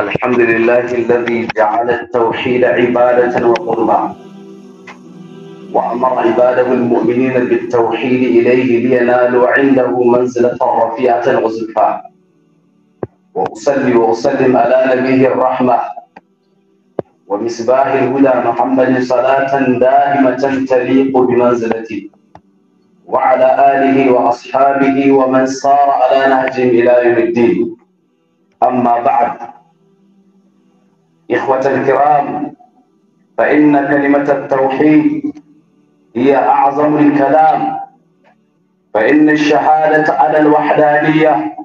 الحمد لله الذي جعل التوحيد عبادة وقربا وأمر عباده المؤمنين بالتوحيد إليه لينالوا عنده منزلة رفيعة وزلفى وأصلي وأسلم على نبيه الرحمة ومصباح الهدى محمد صلاة دائمة تليق بمنزلته وعلى آله وأصحابه ومن صار على نهجهم إلى يوم الدين أما بعد إخوة الكرام فإن كلمة التوحيد هي أعظم الكلام فإن الشهادة على الوحدانية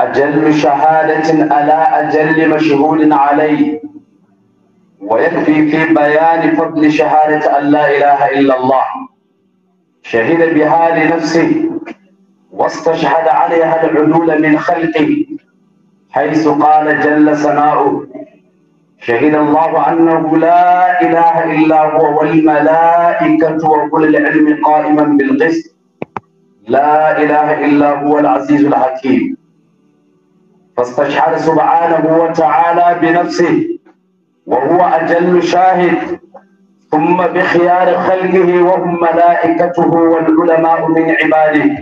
أجل شهادة ألا أجل مشهود عليه ويكفي في بيان فضل شهادة أن لا إله إلا الله شهد بها لنفسه واستشهد عليها العدول من خلقه حيث قال جل سماؤه شهد الله أنه لا إله إلا هو والملائكة وكل العلم قائما بالقسط لا إله إلا هو العزيز الحكيم فاستشهد سبحانه وتعالى بنفسه وهو أجل شاهد ثم بخيار خلقه وهم ملائكته والعلماء من عباده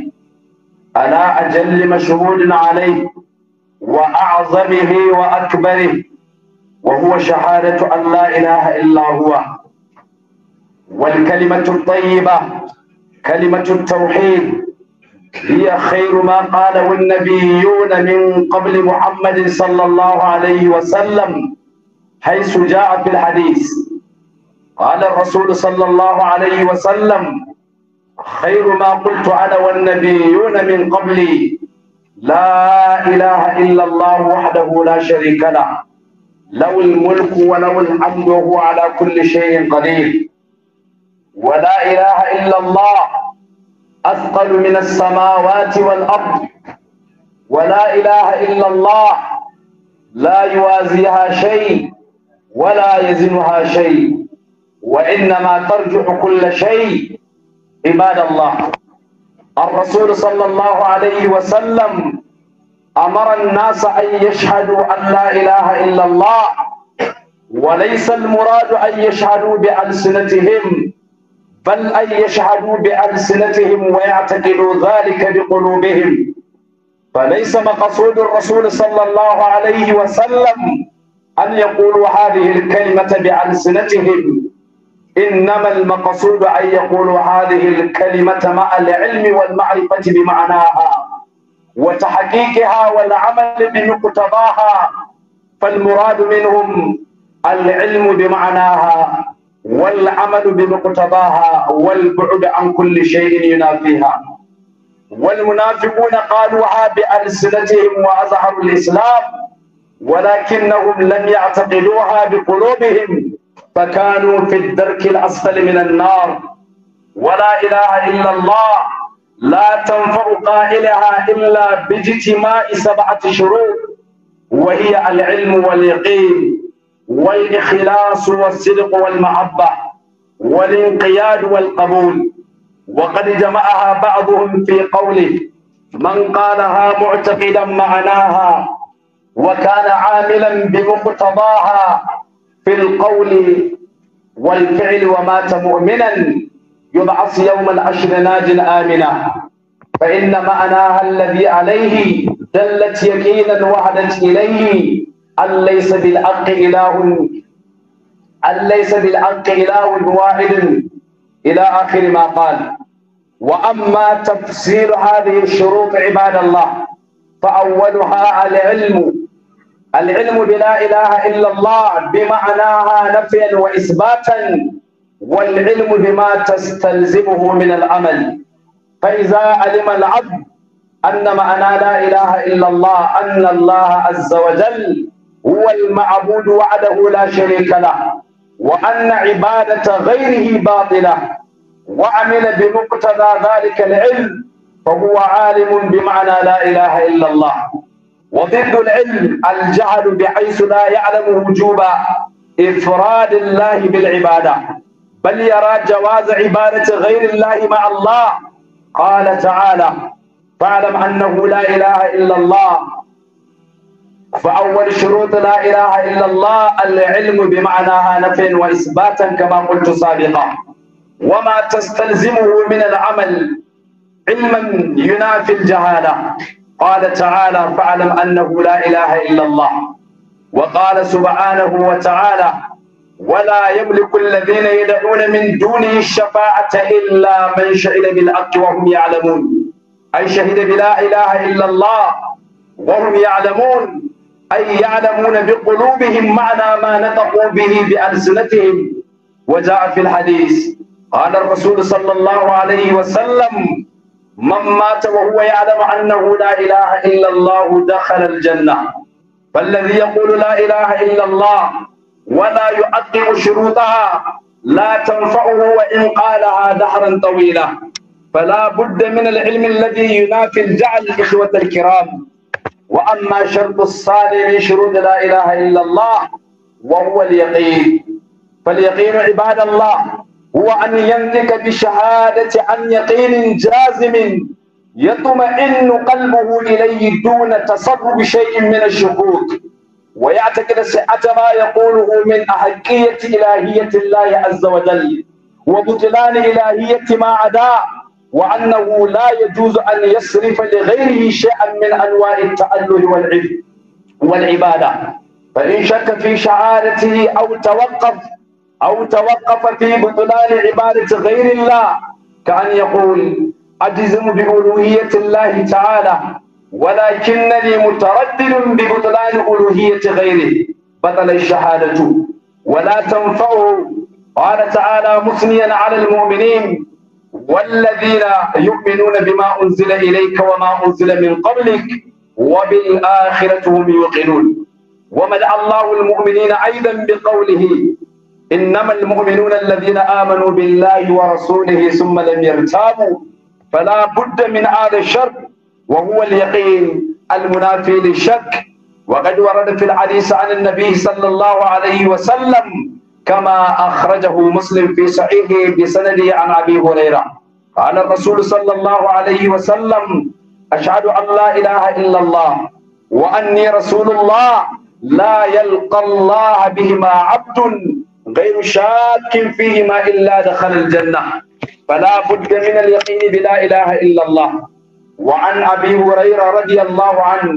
ألا أجل مشهود عليه وأعظمه وأكبره وهو شهادة أن لا إله إلا هو والكلمة الطيبة كلمة التوحيد هي خير ما قاله النبيون من قبل محمد صلى الله عليه وسلم حيث جاء في الحديث قال الرسول صلى الله عليه وسلم خير ما قلت أنا والنبيون من قبلي لا إله إلا الله وحده لا شريك له له الملك وله الحمد وهو على كل شيء قدير ولا إله إلا الله أثقل من السماوات والأرض ولا إله إلا الله لا يوازيها شيء ولا يزنها شيء وإنما ترجع كل شيء عباد الله الرسول صلى الله عليه وسلم أمر الناس أن يشهدوا أن لا إله إلا الله وليس المراد أن يشهدوا بألسنتهم بل أن يشهدوا بألسنتهم ويعتقدوا ذلك بقلوبهم فليس مقصود الرسول صلى الله عليه وسلم أن يقولوا هذه الكلمة بألسنتهم إنما المقصود أن يقولوا هذه الكلمة مع العلم والمعرفة بمعناها وتحقيقها والعمل بمقتضاها فالمراد منهم العلم بمعناها والعمل بمقتضاها والبعد عن كل شيء ينافيها والمنافقون قالوها بألسنتهم وأظهروا الإسلام ولكنهم لم يعتقدوها بقلوبهم فكانوا في الدرك الأسفل من النار ولا إله إلا الله لا تنفع قائلها إلا باجتماع سبعة شروط وهي العلم واليقين والإخلاص والصدق والمحبة والانقياد والقبول وقد جمعها بعضهم في قوله من قالها معتقدا معناها وكان عاملا بمقتضاها في القول والفعل ومات مؤمنا يبعث يوم العشر ناج آمنا فإن معناها الذي عليه دلت يقينا وعدت إليه أن ليس بالحق إله أن ليس بالحق إله واحد إلى آخر ما قال وأما تفسير هذه الشروط عباد الله فأولها العلم العلم بلا إله إلا الله بمعناها نفيا وإثباتا والعلم بما تستلزمه من العمل فإذا علم العبد أن معنى لا إله إلا الله أن الله عز وجل هو المعبود وعده لا شريك له وأن عبادة غيره باطلة وعمل بمقتضى ذلك العلم فهو عالم بمعنى لا إله إلا الله وضد العلم الجهل بحيث لا يعلم وجوب إفراد الله بالعبادة بل يرى جواز عبادة غير الله مع الله قال تعالى فاعلم أنه لا إله إلا الله فأول شروط لا إله إلا الله العلم بمعناها نفع وإثباتا كما قلت سابقا وما تستلزمه من العمل علما ينافي الجهالة قال تعالى فاعلم أنه لا إله إلا الله وقال سبحانه وتعالى ولا يملك الذين يدعون من دونه الشفاعة إلا من شهد بالحق وهم يعلمون أي شهد بلا إله إلا الله وهم يعلمون أي يعلمون بقلوبهم معنى ما نطقوا به بألسنتهم وجاء في الحديث قال الرسول صلى الله عليه وسلم من مات وهو يعلم أنه لا إله إلا الله دخل الجنة فالذي يقول لا إله إلا الله ولا يؤقم شروطها لا تنفعه وإن قالها دهرا طويلا فلا بد من العلم الذي ينافي الجعل إخوة الكرام وأما شرط الصالح لشروط لا إله إلا الله وهو اليقين فاليقين عباد الله هو أن يملك بشهادة عن يقين جازم يطمئن قلبه إليه دون تسرب شيء من الشكوك ويعتقد صحة ما يقوله من أحقية إلهية الله عز وجل وبطلان إلهية ما عداه وأنه لا يجوز أن يصرف لغيره شيئا من أنواع التأله والعبادة فإن شك في شعارته أو توقف أو توقف في بطلان عبادة غير الله كأن يقول أجزم بألوهية الله تعالى ولكنني متردد ببطلان ألوهية غيره بطل الشهادة ولا تنفعه قال تعالى مثنيا على المؤمنين والذين يؤمنون بما أنزل إليك وما أنزل من قبلك وبالآخرة هم يوقنون ومدع الله المؤمنين أيضا بقوله إنما المؤمنون الذين آمنوا بالله ورسوله ثم لم يرتابوا فلا بد من هذا الشرط وهو اليقين المنافي للشك وقد ورد في الحديث عن النبي صلى الله عليه وسلم كما أخرجه مسلم في صحيحه بسنده عن أبي هريرة قال الرسول صلى الله عليه وسلم أشهد أن لا إله إلا الله وأني رسول الله لا يلقى الله بهما عبد غير شاك فيهما إلا دخل الجنة فلا بد من اليقين بلا إله إلا الله وعن أبي هريرة رضي الله عنه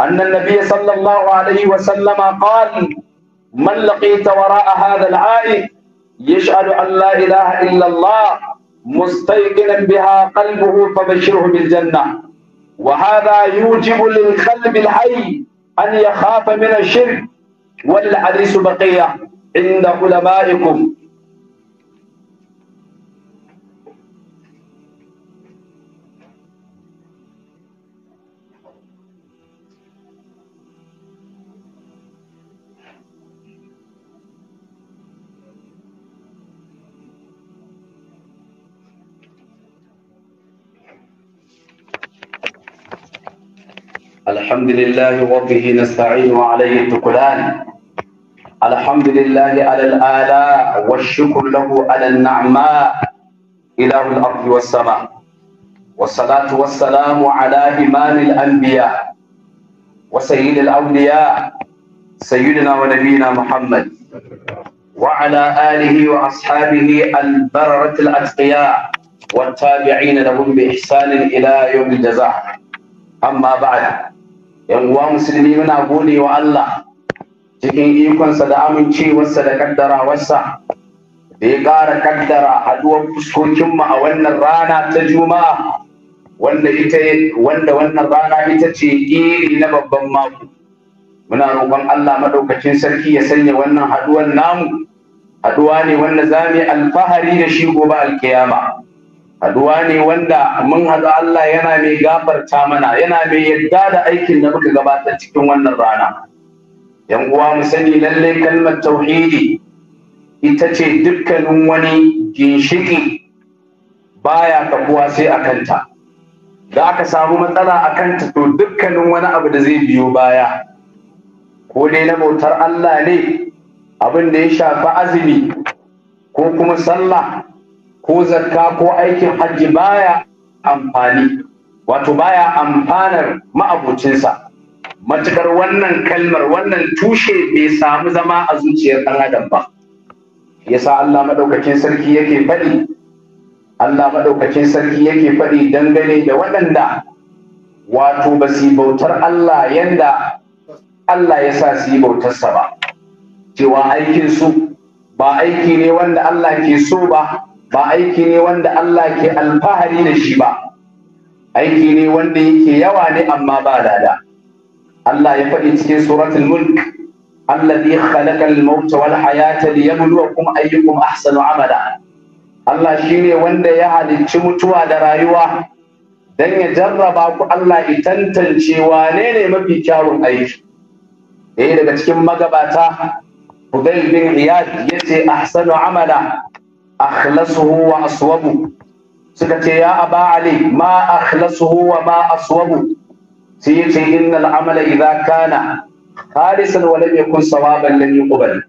أن النبي صلى الله عليه وسلم قال من لقيت وراء هذا العائق يشهد أن لا إله إلا الله مستيقنا بها قلبه فبشره بالجنة وهذا يوجب للقلب الحي أن يخاف من الشرك والحديث بقية عند علمائكم الحمد لله وبه نستعين وعليه التكلان الحمد لله على الآلاء والشكر له على النعماء إله الأرض والسماء والصلاة والسلام على إمام الأنبياء وسيد الأولياء سيدنا ونبينا محمد وعلى آله وأصحابه البررة الأتقياء والتابعين لهم بإحسان إلى يوم الجزاء أما بعد yan uwa musulmi muna gode wa Allah cikin ikonsa da amincewarsa da kaddara wasa, da ya ƙara kaddara haɗuwar fuskokinmu a wannan rana ta juma'a wanda wannan rana ita ce iri na babban mako muna roƙon Allah maɗaukacin sarki ya sanya wannan haɗuwar namu haɗuwa ne wanda za mu yi alfahari da shi gobe alkiyama haduwa ne wanda mun haɗu Allah yana mai gafarta mana yana mai yadda da aikin da muka gabata cikin wannan rana yan uwa mu sani lallai kalmar tauhidi ita ce dukkanin wani ginshiki baya kafuwa sai a kanta da aka samu matsala a kanta to dukkanin wani abu da zai biyo baya ko dai na bautar Allah ne abin da ya shafi azumi ko kuma sallah ko zakka ko aikin hajji baya amfani wato baya amfanar ma'abucinsa matukar wannan kalmar wannan tushe bai samu zama a zuciyar ɗan adam ba yasa Allah maɗaukakin sarki yake faɗi Allah madaukakin sarki yake faɗi dangane da waɗanda wato ba su bautar Allah yanda Allah ya sa su yi bautarsa ba cewa aikinsu ba aiki ne wanda Allah ke so ba ba aiki ne wanda Allah ke alfahari da shi ba aiki ne wanda yake yawa ne amma ba dada Allah ya faɗi cikin suratul mulk alladhi khalaqal mauta wal hayata liyabluwakum ayyukum ahsanu amala Allah shine wanda ya halicci mutuwa da rayuwa dan ya jarraba ku Allah ya tantance wane ne mafi kyawun aiki ɗaya daga cikin magabata Hudayl bin Iyad yace ahsanu amala akhlasuhu wa aswabu suka ce ya aba ali ma akhlasuhu wa ma aswabu sai ya ce innal amala idza kana khalisan wa lam yakun sawaban lam yuqbal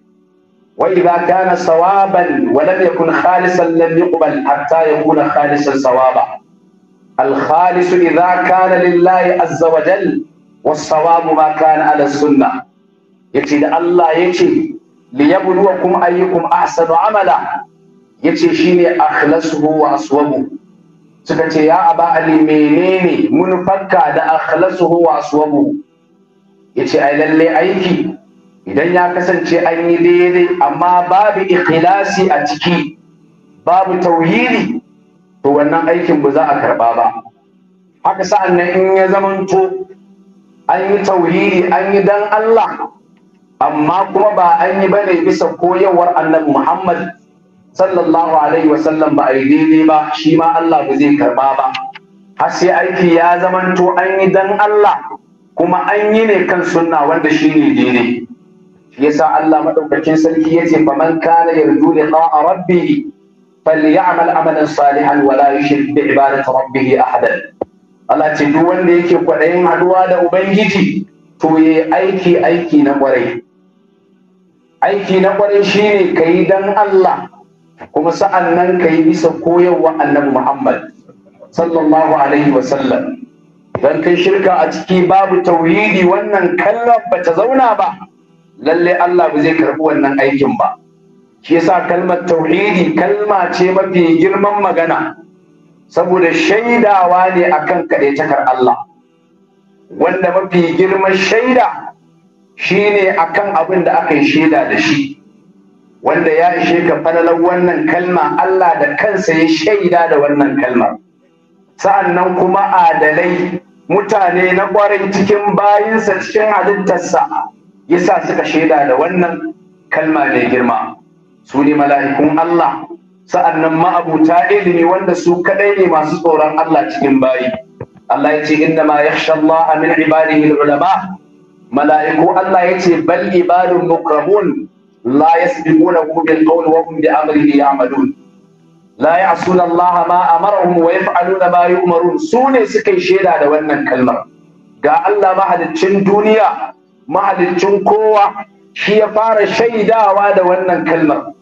wa idza kana sawaban wa lam yakun khalisan lam yuqbal hatta yakuna khalisan sawaba al khalis idza kana lillahi azza wa jal والصواب ما كان على السنه يتي الله يتي ليبلوكم ايكم احسن عملا yace shine akhlasuhu wa aswabu suka ce ya aba ali menene munfakka da akhlasuhu wa aswabu yace ai lalle aiki idan ya kasance an yi daidai amma babu ikhlasi a ciki babu tauhidi to wannan aikin ba za a karba ba haka sa'an nan in ya zamanto an yi tauhidi an yi dan Allah amma kuma ba an yi bane bisa koyarwar annabi Muhammad sallallahu alaihi wasallam ba a yi daidai ba shi ma Allah ba zai karba ba har sai aiki ya zamanto an yi dan Allah kuma an yi ne kan sunna wanda shi ne daidai yasa Allah madaukakin sarki yace faman kana yarju liqa'a rabbih falyamal amalan salihan wala yushrik bi ibadati rabbih ahadan Allah ce duk wanda yake kwaɗayin haɗuwa da ubangiji to yayi aiki aiki na kwarai aiki na kwarai shine ka yi Allah kuma sa'an nan ka yi bisa koyarwa annabi Muhammad sallallahu alaihi wa idan kai shirka a ciki babu tauhidi wannan kallon ba ta zauna ba lalle Allah ba zai karbi wannan aikin ba shi yasa kalmar tauhidi kalma ce mafi girman magana saboda shaidawa ne akan kaɗaitakar Allah wanda mafi girman shaida shine akan abin da aka yi shaida da shi wanda ya ishe ka falalar wannan kalma Allah da kansa ya shaida da wannan kalmar sa'annan kuma adalai mutane na ƙwarin cikin bayinsa cikin halittarsa yasa suka shaida da wannan kalma mai girma su ne mala'ikun Allah sa'annan ma'abuta ilimi wanda su kaɗai ne masu tsoron Allah cikin bayi Allah ya ce inna ma yakhsha Allah min ibadihi ulama mala'iku Allah ya ce bal ibadun mukramun لا يسبقونه بالقول وهم بأمره يعملون لا يعصون الله ما أمرهم ويفعلون su ne سوني سكي شيدا da wannan kalmar ga Allah mahaliccin duniya mahaliccin kowa shi ya fara shaidawa da wannan kalmar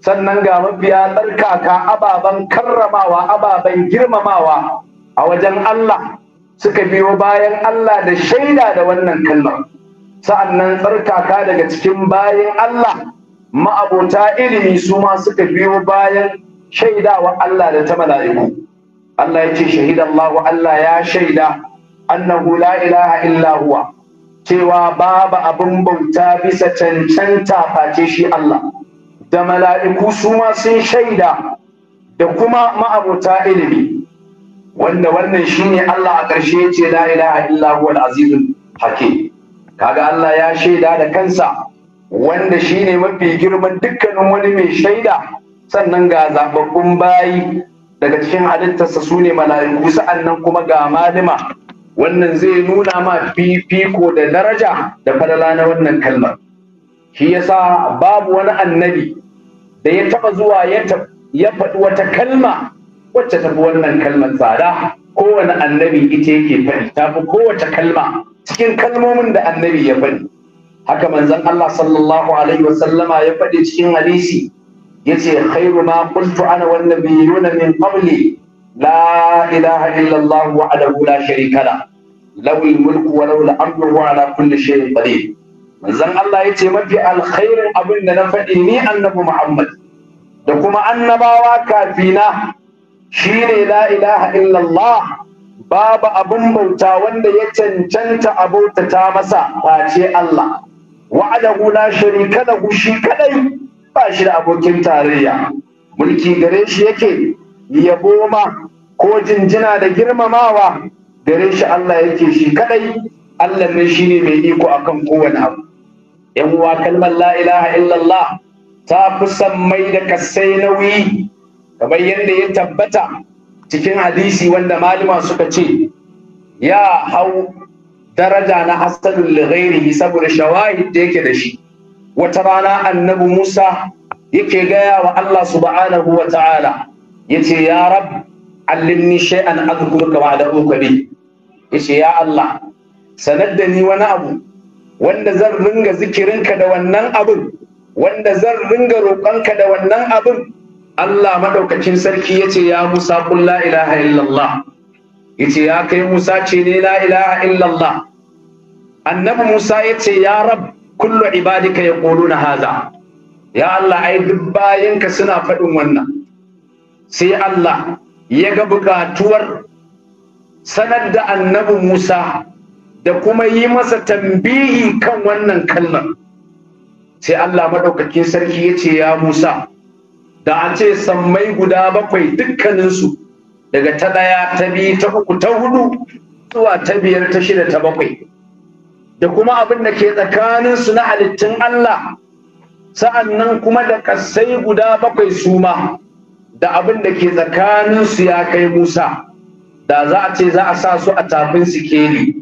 sannan ga mabiya tsarkaka ababen karramawa ababen girmamawa a wajen Allah suka biyo bayan Allah da shaida da wannan kalmar sa'annan tsarkaka daga cikin bayan Allah ma'abota ilimi su ma suka biyo bayan shaidawa Allah da ta mala'iku Allah ya ce shahidallahu Allah ya shaida annahu la ilaha illa huwa cewa babu abin bauta bisa cancanta face shi Allah da mala'iku su ma sun shaida da kuma ma'abota ilimi wanda wannan shine Allah a ƙarshe ya ce la ilaha illa huwa hakim kaga Allah ya shaida da kansa wanda shine mafi girman dukkanin wani mai shaida sannan ga zababbun bayi daga cikin halittarsa su ne mala'iku sa'annan kuma ga malima wannan zai nuna ma fifiko da daraja da falala na wannan kalmar shi yasa babu wani annabi da ya taba zuwa ya faɗi wata kalma wacce tafi wannan kalmar tsada kowane annabi ita yake faɗi ta fi kowace kalma cikin kalmomin da annabi ya faɗi haka manzon Allah sallallahu alaihi Sallama ya faɗi cikin hadisi yace khairu ma qultu ana wan nabiyuna min qabli la ilaha illa Allah wahdahu la sharika la lahu mulku wa lahu amru wa ala kulli shay'in qadir manzon Allah yace mafi alkhairin abin da na faɗi ni annabi Muhammad da kuma annabawa kafina shine la ilaha illallah babu abin bauta wanda ya cancanta a bautata masa bace Allah wa'adahu la sharika lahu shi kadai ba shi da abokin tarayya mulki gare shi yake yabo ma ko jinjina da girmamawa gare shi Allah yake shi kadai Allah ne shine mai iko akan kowane abu yan uwa kalmar la ilaha illallah ta fi san mai da kasai nauyi kamar yadda ya tabbata cikin hadisi wanda malama suka ce ya hau daraja na hasanul lighairihi saboda shawahid da yake da shi wata rana annabi Musa yake gaya wa Allah subhanahu wa ta'ala ce ya rab allimni shay'an azkuruka wa da'uka bi yace ya Allah sanar da ni wani abu wanda zan ringa zikirinka da wannan abin wanda zan ringa roƙonka da wannan abin Allah maɗaukacin sarki ce ya Musa qul la ilaha illallah ce ya kai Musa ce ne la ilaha illallah annabi Musa yace ya rab kullu ibadika na hadha ya Allah ai duk bayinka suna faɗin wannan sai Allah ya ga bukatuwar sanar da annabi Musa da kuma yi masa tambihi kan wannan kalmar sai Allah maɗaukacin sarki yace ya Musa da a ce sammai guda bakwai dukkaninsu daga ta ɗaya ta biyu ta uku ta hudu zuwa ta biyar ta shida ta bakwai da kuma abin da ke tsakaninsu na halittun Allah sa'an nan kuma da ƙasai guda bakwai su ma da abin da ke tsakaninsu ya kai Musa da za a ce za a sa su a tafin sikeli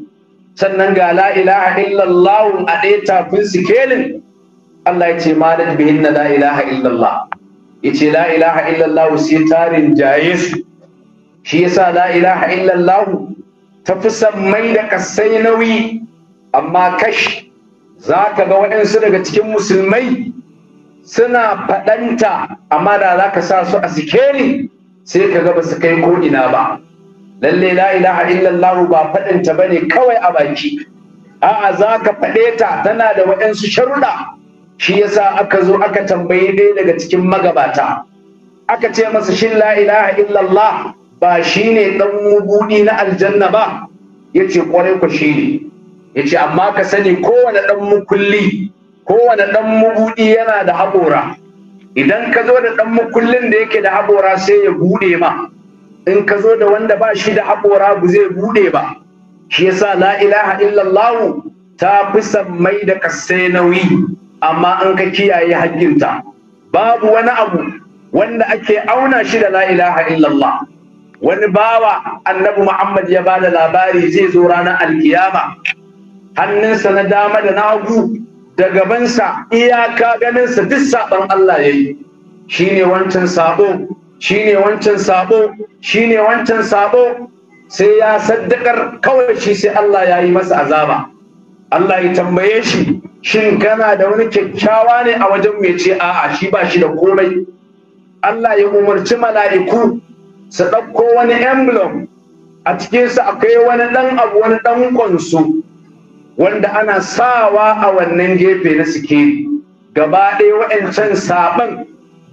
sannan ga la ilaha illallah a ɗaya tafin sikelin Allah ya ce ma da bihin la ilaha illallah yace la ilaha illallah sai tarin jayis shi yasa la ilaha ta fi sammai da kasai nauyi amma kash za ka ga waɗansu daga cikin musulmai suna faɗanta amma da za ka sa su a sikeli sai ka ga ba su kai ko'ina ba lalle la ilaha illallah ba faɗinta bane kawai a baki a'a za ka faɗe ta tana da waɗansu sharuɗa shi yasa aka zo aka tambaye dai daga cikin magabata aka ce masa shin la ilaha illallah ba shine ɗan mubudi na aljanna ba yace kwarai ku Ya yace amma ka sani kowane ɗan mukulli kowane dan mubudi yana da haƙora idan ka zo da ɗan mukullin da yake da haƙora sai ya buɗe ma in ka zo da wanda ba shi da haƙora ba zai buɗe ba shi yasa la ilaha illallah ta fi sammai da kasse nauyi amma in ka kiyaye haƙƙinta babu wani abu wanda ake auna shi da la ilaha illallah wani bawa annabi Muhammad ya ba da labari zai zo ranar alkiyama hannunsa na dama da na hagu da gabansa iyaka ganinsa duk saɓon Allah ya yi shi ne wancan saɓo shi ne wancan saɓo shi ne wancan saɓo sai ya saddakar kawai shi sai Allah ya yi masa azaba Allah ya tambaye shi shin kana da wani kyakkyawa ne a wajen mai ce a'a shi ba shi da komai Allah ya umarci mala'iku su ɗauko wani emblem a cikin su akwai wani ɗan abu wani ɗan kwansu wanda ana sawa a wannan gefe na suke gaba ɗaya wa'ancan saɓan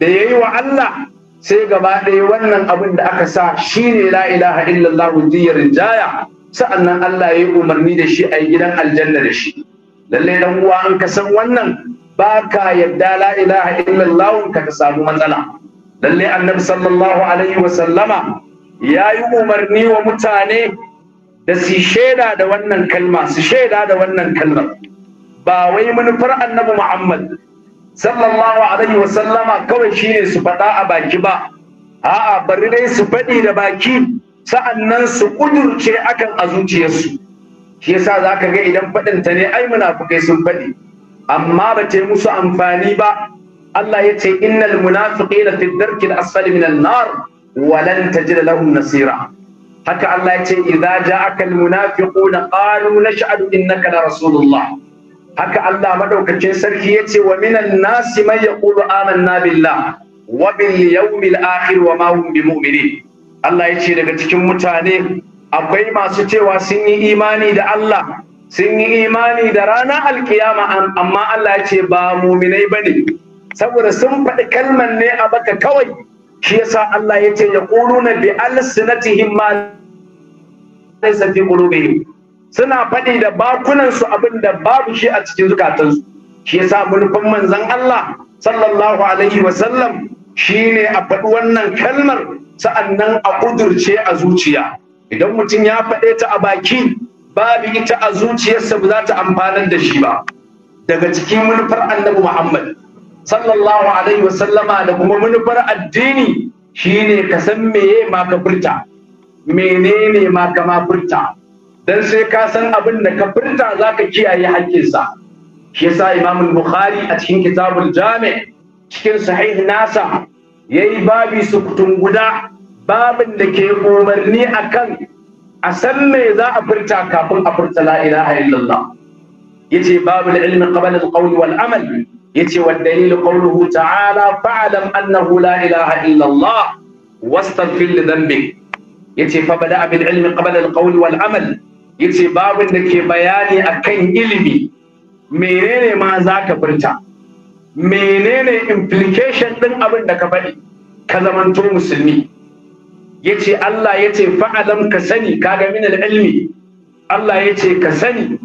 da ya yi wa Allah sai gaba ɗaya wannan abin da aka sa shi ne la ilaha illallah jiyar jaya sa'annan Allah ya yi umarni da shi a yi gidan aljanna da shi lallai dan uwa an ka san wannan ba ka yadda la ilaha illallah ka ka samu matsala lallai annabi sallallahu alaihi wa sallama ya yi umarni wa mutane da su shaida da wannan kalma su shaida da wannan kalmar ba wai manufar annabi muhammad sallallahu alaihi wa sallama kawai shine su faɗa a baki ba a'a bari dai su faɗi da baki sa'annan su kudurce akan a zuciyarsu shi yasa za ka ga idan faɗin ta ne ai munafukai sun faɗi amma ba ta yi musu amfani ba Allah ya ce innal munafiqina fi ddarki al-asfali min an-nar wa lan tajid lahum nasira haka Allah ya ce idza ja'aka al-munafiquna qalu nash'adu innaka la rasulullah haka Allah madaukakin sarki ya ce wa minan nasi man yaqulu amanna billah wa bil yawmil akhir wa ma hum bimu'minin Allah ya ce daga cikin mutane akwai masu cewa sun yi imani da Allah sun yi imani da ranar alkiyama amma Allah ya ce ba muminai ba ne saboda sun faɗi kalman ne a baka kawai shi yasa Allah ya ce ya na bi alsinatihim ma laysa fi qulubihim suna faɗi da bakunansu abin da babu shi a cikin zukatansu shi yasa manufan manzon Allah sallallahu alaihi wa sallam shine a faɗi wannan kalmar sa'annan a ƙudurce a zuciya idan mutum ya faɗe ta a baki babu ita a zuciyarsa ba za ta amfanar da shi ba daga cikin manufar annabi muhammad sallallahu alaihi wasallama da kuma manufar addini shine ka san meye ma ka furta menene ma ka ma furta dan sai ka san abin da ka furta za ka kiyaye haƙƙinsa shi sa imamul bukhari a cikin kitabul jami cikin sahih nasa ya yi babi sukutun guda babin da ke umarni akan a san me za a furta kafin a furta la ilaha illallah yace babul ilmi qabla al-qawl wal amal yace wa dalil qawluhu ta'ala fa'lam annahu la ilaha illallah wastaghfir li dhanbik ce fa bada bil ilmi qabla al-qawl wal amal yace babin da ke bayani akan ilimi menene ma za ka furta menene implication ɗin abin da ka faɗi ka zamanto musulmi ya ce Allah ya ce fa'alam ka sani kaga min ilmi Allah ya ce ka sani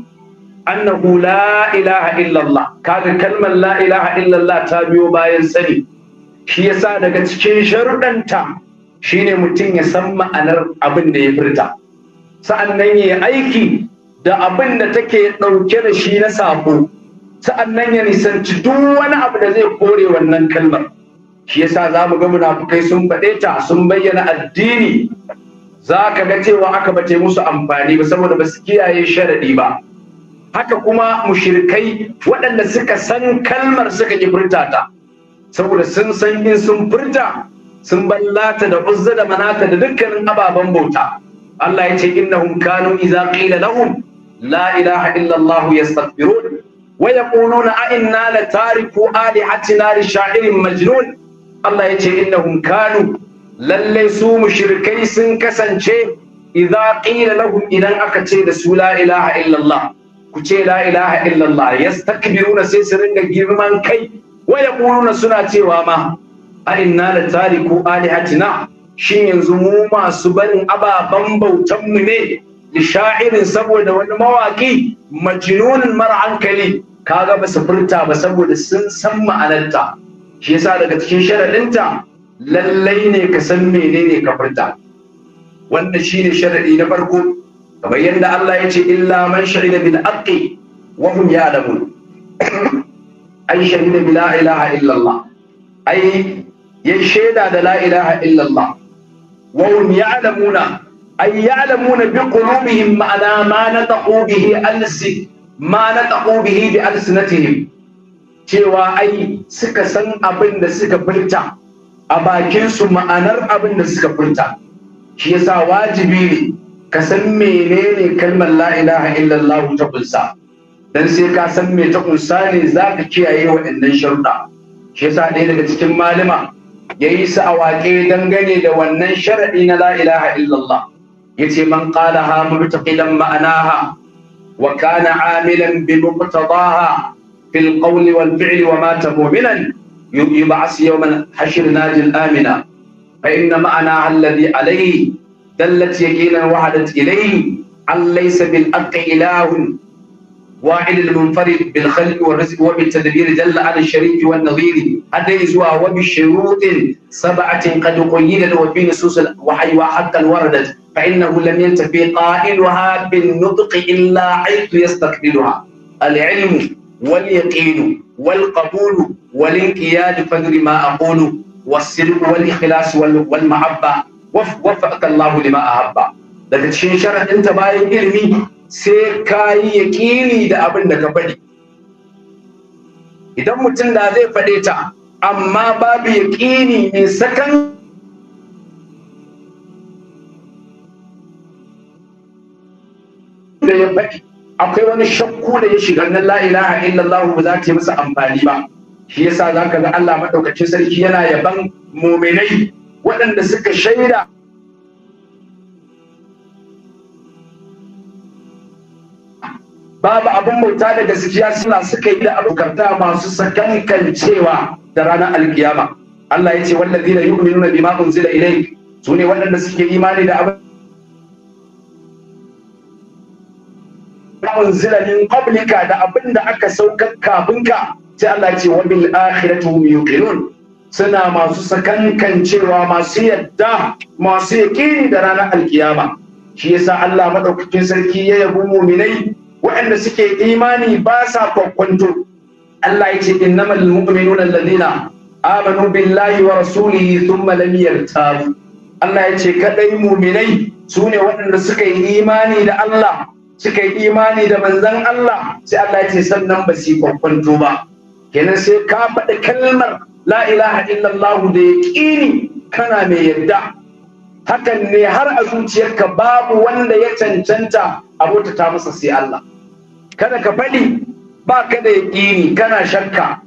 annahu la ilaha illallah kaga kalmar la ilaha illallah ta biyo bayan sani shi yasa daga cikin sharuɗanta shine mutum ya san ma'anar abin da ya furta sa'annan ya aiki da abin da take ɗauke da shi na sabo sa'annan ya nisanci duk wani abu da zai kore wannan kalmar shi yasa za mu ga munafukai sun faɗe ta sun bayyana addini za ka ga cewa aka bace musu amfani ba saboda ba su kiyaye sharaɗi ba haka kuma mushirikai waɗanda suka san kalmar suka ki furta ta saboda sun san in sun furta sun ballata da uzza da manata da dukkanin ababen bauta Allah ya ce innahum kanu idza qila lahum la ilaha illa Allah ويقولون أئنا لتاركو آلهتنا لشاعر مجنون الله يتي إنهم كانوا للي سو مشركي سن كسنشي إذا قيل لهم إذا أكتي لسو لا إله إلا الله كتي لا إله إلا الله يستكبرون سيسرن جرمان كي ويقولون سناتي وما أئنا لتاركو آلهتنا shin yanzu mu masu barin ababen bautanmu ne lisha'irin saboda wani mawaƙi majinunin mara hankali kaga ba su furta ba saboda sun san ma'anarta shi yasa daga cikin sharaɗinta lallai ne ka san menene ka furta Wanda shi ne sharaɗi na farko kamar yadda Allah ya ce illa man shahida bil haqqi wa hum ya'lamun ai shahida bi la ilaha illallah ai ya shaida da la ilaha illallah wa hum ya'lamuna ay ya'lamuna bi qulubihim ma'ana ma nataqu bihi alsi ma na bihi bi alsinatihim cewa ai suka san abin da suka furta a bakinsu ma'anar abin da suka furta shi yasa wajibi ne ka san menene kalmar la ilaha illallah ta kunsa dan sai ka san me ta kunsa ne zaka kiyaye waɗannan sharuɗa shi yasa ɗaya daga cikin malama ya yi su waƙe dangane da wannan sharaɗi na la ilaha illallah yace man qalaha mubtaqilan ma'anaha وكان عاملا بمقتضاها في القول والفعل ومات مؤمنا يبعث يوم الحشر ناجي الآمنة فإن معناها الذي عليه دلت يقينا وحدت إليه أن ليس بالحق إله واحد المنفرد بالخلق والرزق وبالتدبير جل عن الشريك والنظير حتى إزوى وبشروط سبعة قد قيدت وفي نصوص الوحي وحتى وردت فإنه لم ينتفي قائلها بالنطق إلا حيث يستقبلها العلم واليقين والقبول والانقياد فدر ما أقول والصدق والإخلاص والمحبة وفقك الله لما أحب daga cikin sharaɗin ta bayan ilimi sai ka yi yaƙini da abin da ka faɗi idan mutum da zai faɗe ta amma babu yaƙini mai sakan da ya faɗi akwai wani shakku da ya shiga na la ilaha illallah ba za ta yi masa amfani ba shi yasa za ka ga Allah maɗaukacin sarki yana yaban muminai waɗanda suka shaida babu abin bauta da gaskiya suna suka yi da abokanta masu sakankancewa da ranar alkiyama Allah ya ce wallazina yu'minuna bima unzila su ne waɗanda suke imani da abin na unzila min da abin da aka saukar kafin ka sai Allah ce wa bil akhirati hum yuqinun suna masu sakankan cewa masu yadda masu yaƙini da ranar alkiyama shi yasa Allah madaukakin sarki ya yabu muminai waɗanda suke imani ba sa kwakwanto Allah ya ce innamal mu'minuna alladhina amanu billahi wa rasulihi thumma lam yartabu Allah ya ce kadai muminai su ne waɗanda suka yi imani da Allah suka yi imani da manzon Allah sai Allah ya ce sannan ba su kwakwanto ba kenan sai ka faɗi kalmar la ilaha illallah da ya yaqini kana mai yadda hakan ne har a zuciyarka babu wanda ya cancanta abota ta masa sai Allah kada ka faɗi ba ka da yaƙini kana shakka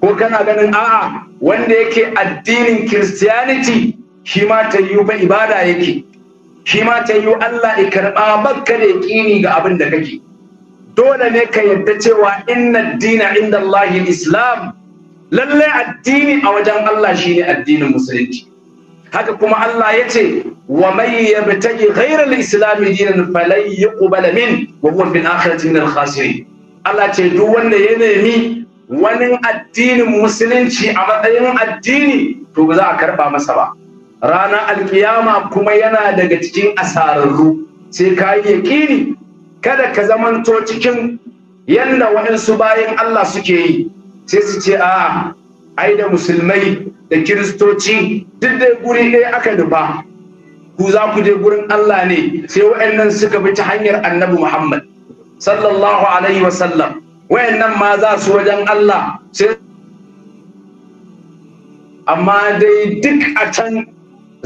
ko kana ganin a'a wanda yake addinin christianity shi ma ta yi ba ibada yake shi ma ta yi Allah ya karɓa maka da yaƙini ga abin da kake dole ne ka yarda cewa inna dina inda Allahi islam lallai addini a wajen Allah shine addinin musulunci haka kuma Allah ya ce wa mai ya bitaki ghairar islami dinan falai ya kubala min wa huwa bin akhirati min al-khasirin Allah ce duk wanda ya nemi wani addinin musulunci a matsayin addini to ba za a karɓa masa ba ranar alkiyama kuma yana daga cikin asararru sai ka yi yaƙini kada ka zamanto cikin yanda waɗansu bayan Allah suke yi sai su ce a ai da musulmai da kiristoci duk dai guri ɗaya aka nufa ku za ku je gurin Allah ne sai waɗannan suka bi ta hanyar annabi Muhammad sallallahu alaihi wa sallam, waɗannan ma za su wajen Allah sai amma dai duk a can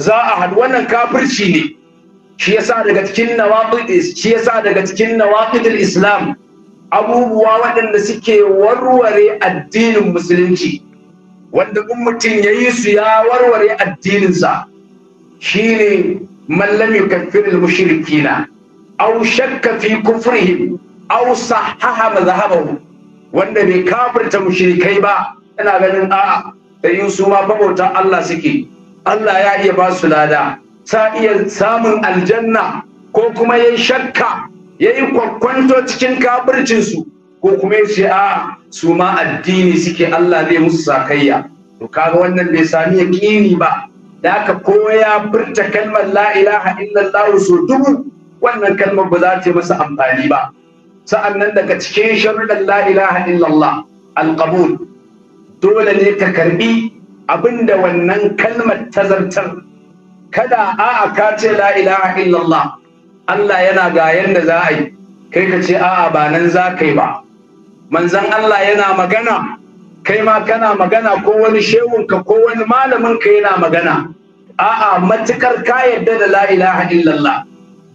za a hadu wannan kafirci ne shi yasa daga cikin shi yasa daga cikin nawaqidul islam abubuwa waɗanda suke warware addinin musulunci wanda in mutum ya yi su ya warware addininsa shine mallami lam mushrikina aw shakka fi kufrihim aw sahaha madhhabahu wanda bai kafirta mushrikai ba yana ganin a'a da yin su ma bauta Allah suke Allah ya iya ba su lada sa iya samun aljanna ko kuma ya shakka yayi kwakwanto cikin kabircinsu ko kuma ya ce a su ma addini suke Allah zai musu sakayya to kaga wannan bai sami yaƙini ba da aka koya furta kalmar la ilaha illallah so dubu wannan kalmar ba za ta masa amfani ba sa'annan daga cikin sharuɗan la ilaha illallah alqabul dole ne ka karbi abinda wannan kalmar tazartar kada 'a ka ce la ilaha illallah Allah yana ga yanda za a yi kai ka ce a'a ba nan za ka yi ba manzan Allah yana magana kai ma kana magana ko wani shehunka ko wani malamin ka yana magana a'a matukar ka yadda da la ilaha illallah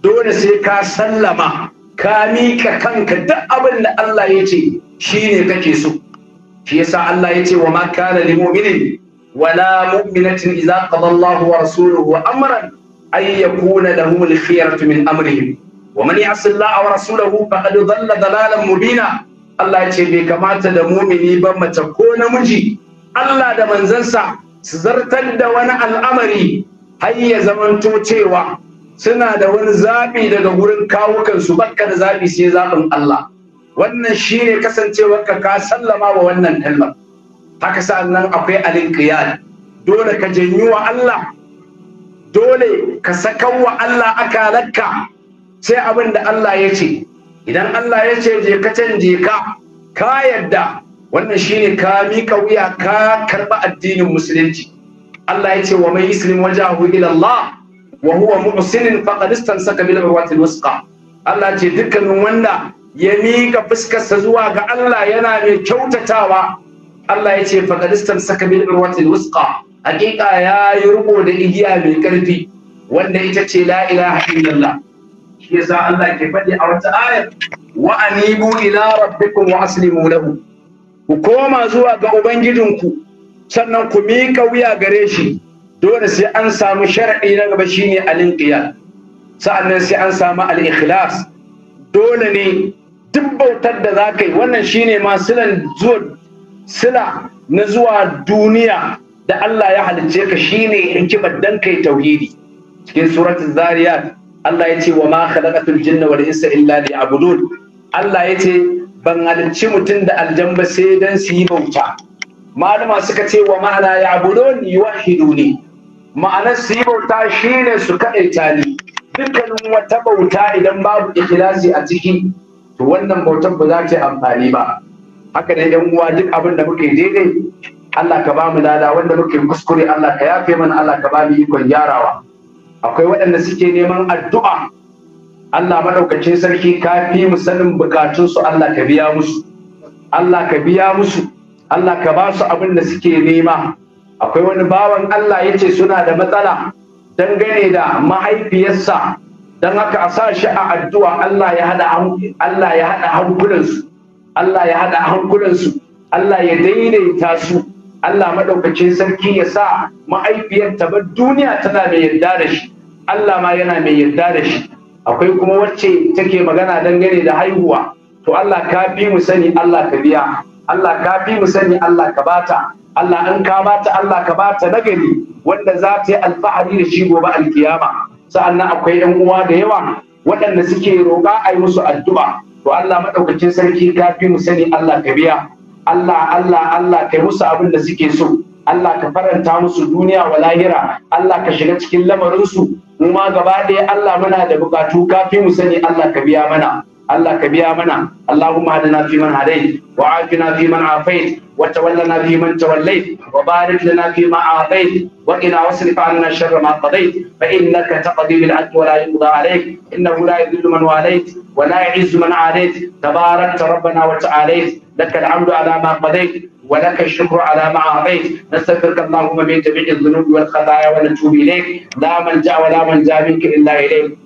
dole sai ka sallama ka miƙa kanka duk abin da Allah ya ce shine kake so shi yasa Allah ya ce wa ma kana lil mu'minin wala mu'minatin idza qada Allahu wa rasuluhu amran ay yakuna lahum al-khiyaratu min amrihim wa man ya'si rasulahu faqad dhalla dhalalan mubina Allah ce bai kamata da mumini ba mace ko namiji Allah da manzansa su zartar da wani al'amari har ya zamanto cewa suna da wani zaɓi daga wurin kawukansu bakka da zaɓi sai zaɓin Allah wannan shi ne kasancewarka ka sallama wa wannan kalmar haka sa'an nan akwai alinqiyad dole ka janyu wa Allah dole ka sakan wa Allah akalarka sai abin da Allah ya ce idan Allah ya ce je ka canje ka ka yadda wannan shine ka mika wuya ka karba addinin musulunci Allah ya ce wa mai yuslim wajahu ila Allah wa huwa mu'sinin faqad istansaka bil urwatil wusqa Allah ce dukkanin wanda ya mika fuskarsa zuwa ga Allah yana mai kyautatawa Allah ya ce faqadistam saka bil urwatil wusqa hakika ya yi riko da igiya mai karfi wanda ita ce la ilaha illallah shi yasa Allah ke faɗi a wata ayar wa anibu ila rabbikum wa aslimu lahu ku koma zuwa ga ubangijinku sannan ku miƙa wuya gare shi dole sai an samu sharadi na gaba shine al-inqiyad sa'annan sai an samu al-ikhlas dole ne duk bautar da za ka yi wannan shine ma silan zuwa sila na zuwa duniya da Allah ya halicce ka shine hikimar dan kai tauhidi cikin suratul zariyat Allah ya ce wa ma khalaqatul jinna wal insa illa liya'budun Allah ya ce ban halicci mutum da aljamba sai dan su yi bauta malama suka ce wa ma'ana ya'budun yuwahhiduni ma'anar su yi bauta shine su kaɗaita ni dukkanin wata bauta idan babu ikhlasi a ciki to wannan bautar ba za ta yi amfani ba haka ne yan uwa duk abin da muke daidai Allah ka bamu lada wanda muke kuskure Allah ka yafe mana Allah ka bamu ikon gyarawa akwai waɗanda suke neman addu'a Allah madaukakin sarki ka fi mu sanin bukatunsu Allah ka biya musu Allah ka biya musu Allah ka ba su abin da suke nema akwai wani bawan Allah ya ce suna da matsala dangane da mahaifiyarsa don haka a sa shi a addu'a Allah ya haɗa hankulansu Allah ya haɗa hankulansu Allah ya daidaita su Allah maɗaukacin sarki ya sa ma'aifiyar ta bar duniya tana mai yarda da shi Allah ma yana mai yarda da shi akwai kuma wacce take magana dangane da haihuwa to Allah ka bi mu sani Allah ka biya Allah ka bi mu sani Allah ka bata Allah an ka bata Allah ka bata nagari wanda za ta yi alfahari da shi gobe alkiyama sa'annan akwai yan uwa da yawa waɗanda suke roƙa a yi musu addu'a to Allah madaukakin sarki ka fi mu sani Allah ka biya Allah Allah Allah kai musu abin da suke so Allah ka faranta musu duniya wa lahira Allah ka shiga cikin lamarinsu mu ma gaba ɗaya Allah muna da bukatu ka fi mu sani Allah ka biya mana Allah ka biya mana Allahumma hadana fi man hadayt wa afina fi man afayt وتولنا في من توليت وبارك لنا فيما أعطيت وقنا واصرف عنا شر ما قضيت فإنك تقضي بالعدل ولا يقضى عليك إنه لا يذل من واليت ولا يعز من عاديت تباركت ربنا وتعاليت لك الحمد على ما قضيت ولك الشكر على ما أعطيت نستغفرك اللهم من جميع الذنوب والخطايا ونتوب إليك لا ملجأ ولا منجا منك إلا إليك